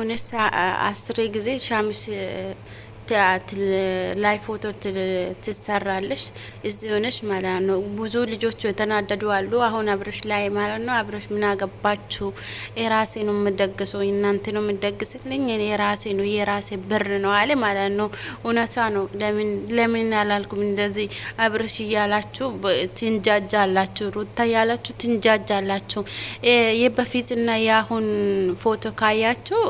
የሆነ አስሬ ጊዜ ሻሚስ ላይ ፎቶ ትሰራለሽ እዚህ ሆነሽ ማለት ነው። ብዙ ልጆች የተናደዱ አሉ። አሁን አብረሽ ላይ ማለት ነው። አብረሽ ምን አገባችሁ? የራሴ ነው የምደግሰው፣ እናንተ ነው የምደግስልኝ፣ የራሴ ነው የራሴ ብር ነው አለ ማለት ነው። እውነታ ነው። ለምን አላልኩም እንደዚህ አብረሽ እያላችሁ ትንጃጃላችሁ፣ ሩታ እያላችሁ ትንጃጃላችሁ። የበፊትና የአሁን ፎቶ ካያችሁ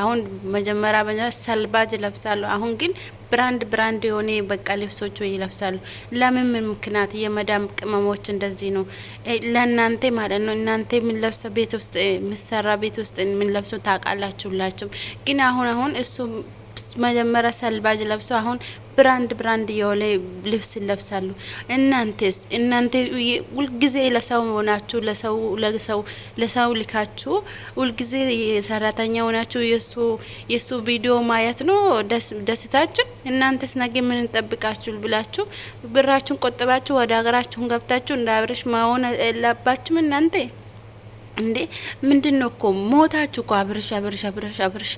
አሁን መጀመሪያ መጀመሪያ ሰልባጅ ይለብሳሉ። አሁን ግን ብራንድ ብራንድ የሆነ በቃ ልብሶች ይለብሳሉ። ለምን ምን ምክንያት? የመዳም ቅመሞች እንደዚህ ነው ለእናንተ ማለት ነው። እናንተ የምንለብሰው ቤት ውስጥ የምሰራ ቤት ውስጥ የምንለብሰው ታውቃላችሁላችሁ። ግን አሁን አሁን እሱ ልብስ መጀመሪያ ሰልባጅ ለብሶ አሁን ብራንድ ብራንድ የሆነ ልብስ ይለብሳሉ። እናንተስ እናንተ ሁልጊዜ ለሰው ሆናችሁ ለሰው ለሰው ለሰው ልካችሁ ሁልጊዜ ሰራተኛ ሆናችሁ የሱ የሱ ቪዲዮ ማየት ነው ደስታችን። እናንተስ ነገ ምን እንጠብቃችሁ ብላችሁ ብራችሁን ቆጥባችሁ ወደ ሀገራችሁን ገብታችሁ እንደ አብረሽ መሆን የለባችሁም እናንተ እንዴ ምንድን ነው እኮ ሞታችሁ እኮ አብርሽ አብርሽ አብርሽ አብርሽ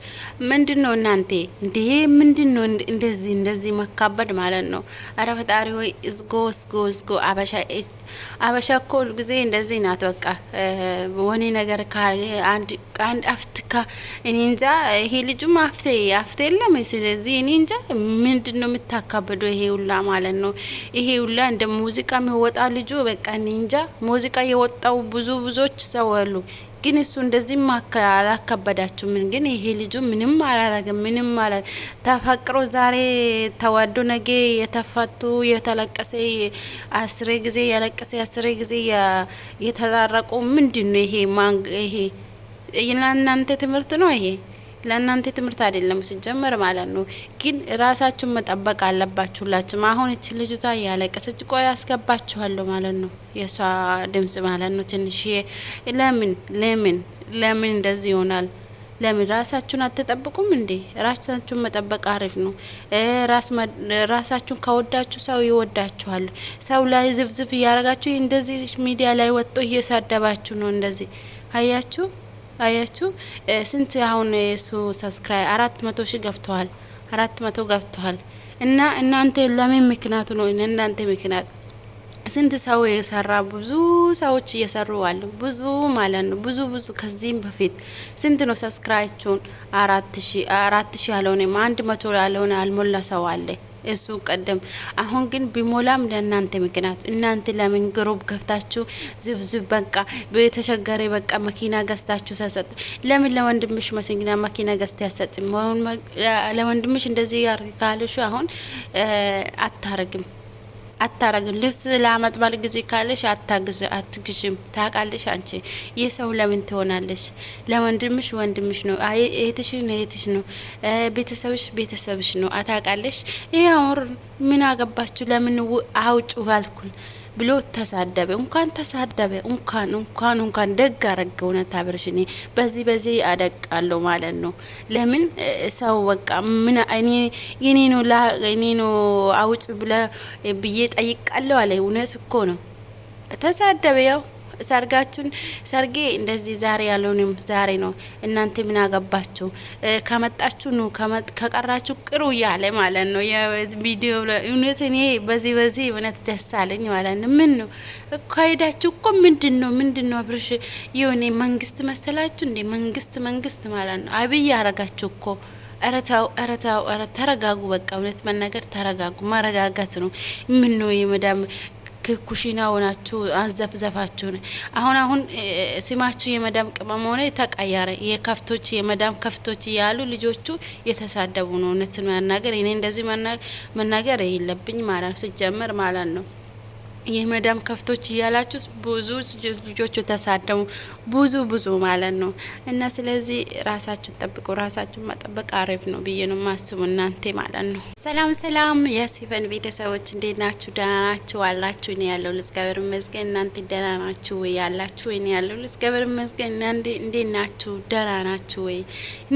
ምንድን ነው እናንተ እንዴ ምንድን ነው እንደዚህ እንደዚህ መካበድ ማለት ነው አረ ፈጣሪ ሆይ እዝጎ እዝጎ እዝጎ አበሻ አበሻ እኮ ሁልጊዜ እንደዚህ ናት በቃ ወኔ ነገር አንድ አንድ አፍትካ እኔ እንጃ። ይሄ ልጁም አፍቴ አፍቴ የለም። ስለዚህ እኔ እንጃ ምንድን ነው የምታካብደው? ይሄ ሁላ ማለት ነው። ይሄ ሁላ እንደ ሙዚቃ የሚወጣ ልጁ በቃ እኔ እንጃ። ሙዚቃ የወጣው ብዙ ብዙዎች ሰው አሉ ግን እሱ እንደዚህ አላከበዳችሁም። ግን ይሄ ልጁ ምንም አላረገም። ምንም ማለት ተፈቅሮ ዛሬ ተዋዶ ነገ የተፈቱ የተለቀሰ አስሬ ጊዜ ያለቀሰ አስሬ ጊዜ የተታረቁ ምንድን ነው ይሄ ይሄ ለእናንተ ትምህርት ነው ይሄ ለእናንተ ትምህርት አይደለም ሲጀመር ማለት ነው። ግን ራሳችሁን መጠበቅ አለባችሁላችሁም ሁላችሁም። አሁን ልጅቷ እያለቀሰች ቆይ አስገባችኋለሁ ማለት ነው፣ የእሷ ድምጽ ማለት ነው። ትንሽ ለምን ለምን ለምን እንደዚህ ይሆናል? ለምን ራሳችሁን አትጠብቁም እንዴ? ራሳችሁን መጠበቅ አሪፍ ነው። ራሳችሁን ከወዳችሁ ሰው ይወዳችኋል። ሰው ላይ ዝፍዝፍ እያደረጋችሁ እንደዚህ ሚዲያ ላይ ወጥቶ እየሳደባችሁ ነው እንደዚህ አያችሁ። አያችሁ ስንት አሁን የሱ ሰብስክራይ አራት መቶ ሺህ ገብተዋል። አራት መቶ ገብተዋል። እና እናንተ ለምን ምክንያቱ ነው? እናንተ ምክንያት ስንት ሰው የሰራ ብዙ ሰዎች እየሰሩ አሉ። ብዙ ማለት ነው ብዙ ብዙ ከዚህም በፊት ስንት ነው ሰብስክራይቹን አራት ሺ አራት ሺ ያልሆነ አንድ መቶ ያልሆነ አልሞላ ሰው አለ። እሱ ቀደም አሁን ግን ቢሞላም ለእናንተ ምክንያት እናንተ ለምን ግሩብ ከፍታችሁ ዝብዝብ በቃ በተሸገረ በቃ መኪና ገዝታችሁ ሰሰጥ ለምን ለወንድምሽ መስግና መኪና ገዝታ ያሰጥ ለወንድምሽ እንደዚህ ያርግ ካልሹ አሁን አታረግም። አታረግም። ልብስ ለአመጥባል ጊዜ ካለሽ አታግዝ አትግዥም። ታውቃለሽ አንቺ የሰው ለምን ትሆናለሽ? ለወንድምሽ ወንድምሽ ነው፣ እህትሽ እህትሽ ነው፣ ቤተሰብሽ ቤተሰብሽ ነው። አታውቃለሽ። ይህ አሁን ምን አገባችሁ? ለምን አውጩ ባልኩል ብሎ ተሳደበ። እንኳን ተሳደበ እንኳን እንኳን እንኳን ደግ አረገ። እውነት አብርሽኔ በዚህ በዚህ አደቃለሁ ማለት ነው። ለምን ሰው በቃ ምን እኔ ነው ላ እኔ ነው አውጭ ብለ ብዬ ጠይቃለሁ አለ። እውነት እኮ ነው። ተሳደበ ያው ሰርጋችሁን ሰርጌ እንደዚህ ዛሬ ያለውንም ዛሬ ነው። እናንተ ምን አገባችሁ? ከመጣችሁ ኑ፣ ከቀራችሁ ቅሩ እያለ ማለት ነው የቪዲዮ እውነት እኔ በዚህ በዚህ እውነት ደስ አለኝ ማለት ነው። ምን ነው ከሄዳችሁ እኮ ምንድን ነው ምንድን ነው አብርሽ የሆነ መንግስት መሰላችሁ እንዴ? መንግስት መንግስት ማለት ነው። አብይ ያረጋችሁ እኮ እረታው እረታው እረ ተረጋጉ። በቃ እውነት መናገር ተረጋጉ። ማረጋጋት ነው። ምን ነው የመዳም ኩሽና ሆናችሁ አንዘፍዘፋችሁን። አሁን አሁን ስማችሁ የመዳም ቅመም ሆነ ተቀያረ። የከፍቶች የመዳም ከፍቶች ያሉ ልጆቹ የተሳደቡ ነው። እውነትን መናገር እኔ እንደዚህ መናገር የለብኝ ማለት ነው ሲጀመር ማለት ነው። የመዳም ከፍቶች እያላችሁ ብዙ ልጆቹ ተሳደሙ። ብዙ ብዙ ማለት ነው። እና ስለዚህ ራሳችሁን ጠብቁ። ራሳችሁን መጠበቅ አሪፍ ነው ብዬ ነው ማስቡ እናንተ ማለት ነው። ሰላም ሰላም፣ የሲፈን ቤተሰቦች እንዴት ናችሁ? ደህና ናችሁ አላችሁ? እኔ ያለው ልዝገበር መዝገን፣ እናንተ ደህና ናችሁ ወይ አላችሁ? እኔ ያለው ልዝገበር መዝገን፣ እናንተ እንዴት ናችሁ? ደህና ናችሁ ወይ?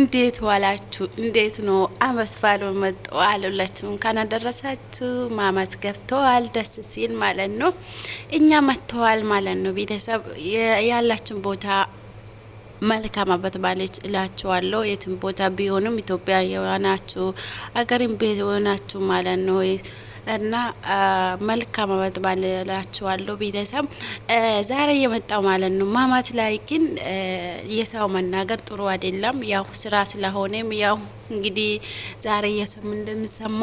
እንዴት ዋላችሁ? እንዴት ነው? አመት ባለው መጥቶ አለላችሁ እንኳን አደረሳችሁ። ማመት ገብተዋል ደስ ሲል ማለት ነው ማለት ነው። እኛ መጥተዋል ማለት ነው። ቤተሰብ ያላችን ቦታ መልካም አበት ባለች እላችኋለሁ። የትም ቦታ ቢሆንም ኢትዮጵያ የሆናችሁ አገሪም ቢሆናችሁ ማለት ነው እና መልካም አበት ባለ እላችኋለሁ። ቤተሰብ። ዛሬ የመጣው ማለት ነው ማማት ላይ ግን የሰው መናገር ጥሩ አይደለም። ያው ስራ ስለሆነም ያው እንግዲህ ዛሬ የሰም እንደምሰማ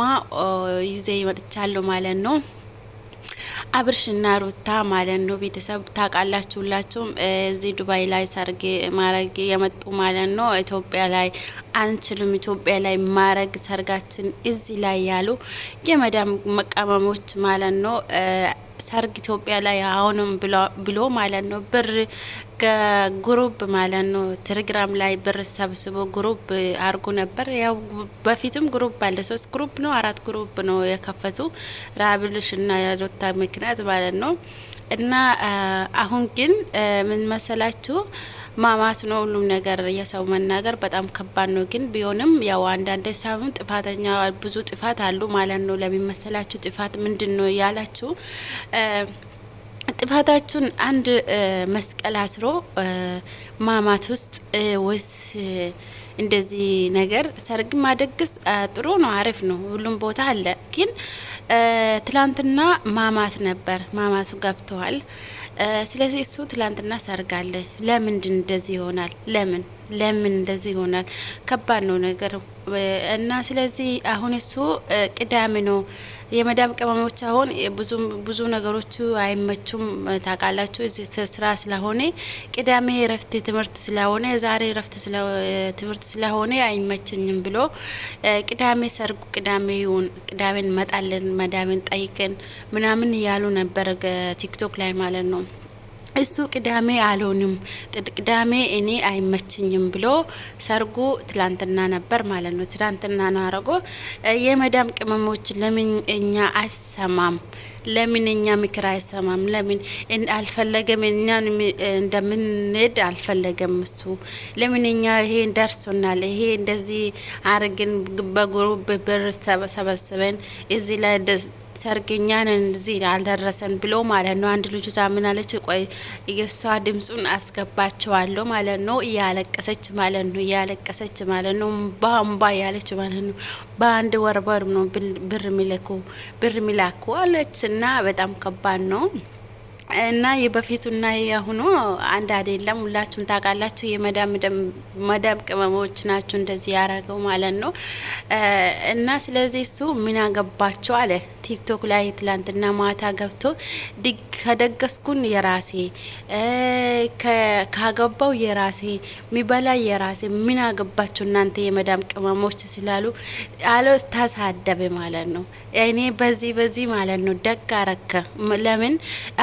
ይዜ ይመጥቻለሁ ማለት ነው። አብርሽና ሩታ ማለት ነው ቤተሰብ ታውቃላችሁ። እዚህ ዱባይ ላይ ሰርግ ማረግ የመጡ ማለት ነው። ኢትዮጵያ ላይ አንችልም፣ ኢትዮጵያ ላይ ማረግ ሰርጋችን እዚህ ላይ ያሉ የመዳም መቀመሞች ማለት ነው ሰርግ ኢትዮጵያ ላይ አሁንም ብሎ ማለት ነው ብር ከግሩፕ ማለት ነው ቴሌግራም ላይ ብር ሰብስቦ ግሩፕ አርጉ ነበር። ያው በፊትም ግሩፕ አለ። ሶስት ግሩፕ ነው አራት ግሩፕ ነው የከፈቱ ራብልሽ እና የሮታ ምክንያት ማለት ነው። እና አሁን ግን ምን መሰላችሁ ማማት ነው ሁሉም ነገር የሰው መናገር በጣም ከባድ ነው። ግን ቢሆንም ያው አንዳንድ ሳይሆን ጥፋተኛ ብዙ ጥፋት አሉ ማለት ነው። ለሚመሰላችሁ ጥፋት ምንድን ነው ያላችሁ ጥፋታችሁን አንድ መስቀል አስሮ ማማት ውስጥ ወስ እንደዚህ ነገር ሰርግ ማደግስ ጥሩ ነው፣ አሪፍ ነው፣ ሁሉም ቦታ አለ። ግን ትላንትና ማማት ነበር፣ ማማቱ ገብተዋል። ስለዚህ እሱ ትላንትና ሰርግ አለ። ለምንድን እንደዚህ ይሆናል? ለምን ለምን እንደዚህ ይሆናል? ከባድ ነው ነገር እና ስለዚህ አሁን እሱ ቅዳሜ ነው የመዳብ ቅመሞች አሁን ብዙ ነገሮቹ አይመቹም ታውቃላችሁ። ስራ ስለሆነ ቅዳሜ እረፍት ትምህርት ስለሆነ ዛሬ ረፍት ትምህርት ስለሆነ አይመችኝም ብሎ ቅዳሜ ሰርጉ ቅዳሜ ይሁን ቅዳሜ እንመጣለን መዳብን ጠይቅን ምናምን እያሉ ነበር ቲክቶክ ላይ ማለት ነው። እሱ ቅዳሜ አልሆንም ቅዳሜ እኔ አይመችኝም ብሎ ሰርጉ ትላንትና ነበር ማለት ነው። ትላንትና ነው አረጎ የመዳም ቅመሞች ለምን እኛ አይሰማም? ለምን እኛ ምክር አይሰማም? ለምን አልፈለገም? እኛ እንደምንሄድ አልፈለገም እሱ። ለምን እኛ ይሄ ደርሶናል፣ ይሄ እንደዚህ አርግን፣ በጉሩብ ብር ሰበሰበን እዚህ ላይ ሰርገኛን እዚህ አልደረሰን ብሎ ማለት ነው። አንድ ልጁ አለች? ቆይ የእሷ ድምፁን አስገባቸዋለሁ ማለት ነው። እያለቀሰች ማለት ነው። እያለቀሰች ማለት ነው። ባምባ እያለች ማለት ነው። በአንድ ወር በር ነው ብር ሚልኩ ብር ሚላኩ አለች እና በጣም ከባድ ነው። እና የበፊቱና የአሁኑ አንድ አይደለም። ሁላችሁም ታውቃላችሁ። የመዳም ቅመሞች ናችሁ እንደዚህ ያረገው ማለት ነው። እና ስለዚህ እሱ ምን አገባቸው አለ ቲክቶክ ላይ ትላንትና ማታ ገብቶ ከደገስኩን የራሴ ካገባው የራሴ ሚበላ የራሴ ምን አገባችሁ እናንተ የመዳም ቅመሞች ስላሉ አለ ተሳደበ ማለት ነው። እኔ በዚህ በዚህ ማለት ነው ደግ አረከ። ለምን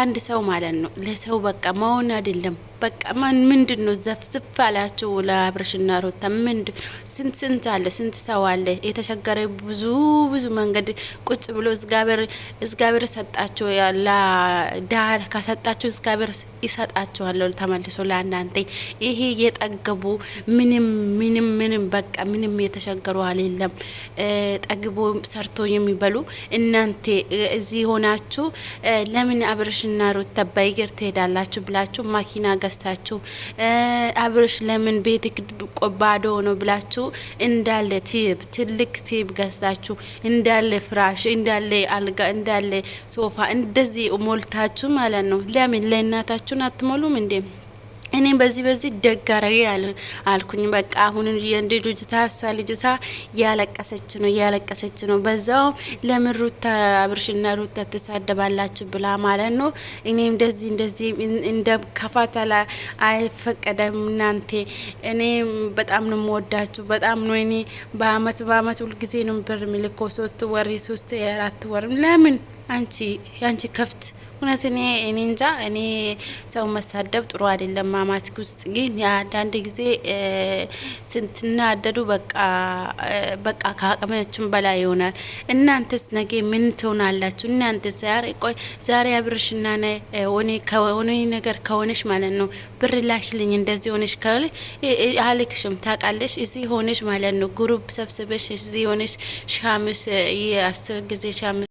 አንድ ሰው ማለት ነው ለሰው በቃ መሆን አይደለም በቃ ማን ምንድን ነው ዘፍዝፍ ያላቸው ለአብርሽና ሮታ ምንድ ስንት ስንት አለ ስንት ሰው አለ የተቸገረ ብዙ ብዙ መንገድ ቁጭ ብሎ እግዚአብሔር ሰጣቸው ዳር ከሰጣቸው እግዚአብሔር ይሰጣቸዋለሁ ተመልሶ ለአንዳንተ ይሄ የጠገቡ ምንም ምንም ምንም በቃ ምንም የተቸገሩ አልለም ጠግቦ ሰርቶ የሚበሉ እናንተ እዚህ ሆናችሁ ለምን አብርሽና ሮታ በእግር ትሄዳላችሁ ብላችሁ ማኪና ተከስታችሁ አብርሽ ለምን ቤት ባዶ ነው ብላችሁ እንዳለ ቲብ ትልቅ ቲብ ገዝታችሁ እንዳለ ፍራሽ እንዳለ አልጋ እንዳለ ሶፋ እንደዚህ ሞልታችሁ ማለት ነው። ለምን ለእናታችሁን አትሞሉም እንዴ? እኔም በዚህ በዚህ ደግ አረገ አልኩኝ። በቃ አሁን የእንድ ልጅታ እሷ ልጅታ እያለቀሰች ነው እያለቀሰች ነው። በዛው ለምን ሩታ አብርሽና ሩታ ትሳደባላችሁ ብላ ማለት ነው። እኔም እንደዚህ እንደዚህ እንደ ከፋተላ አይፈቀደም እናንተ። እኔም በጣም ነው የምወዳችሁ በጣም ነው። እኔ በአመት በአመት ሁልጊዜ ነው ብር የሚልኮ ሶስት ወር ሶስት የአራት ወርም ለምን አንቺ አንቺ ከፍት እውነት እኔ እኔ እንጃ እኔ ሰው መሳደብ ጥሩ አይደለም። ማማት ውስጥ ግን አንዳንድ ጊዜ ስንትናደዱ በቃ በቃ ከአቅማችን በላይ ይሆናል። እናንተስ ነገ ምን ትሆናላችሁ? እናንተ ዛሬ ቆይ ዛሬ አብርሽና ከሆነ ነገር ከሆነሽ ማለት ነው ብር ላክልኝ እንደዚህ ሆነሽ ከሆነ አልክሽም ታውቃለሽ። እዚህ ሆነሽ ማለት ነው ግሩፕ ሰብስበሽ እዚህ ሆነሽ ሻምስ የአስር ጊዜ ሻምስ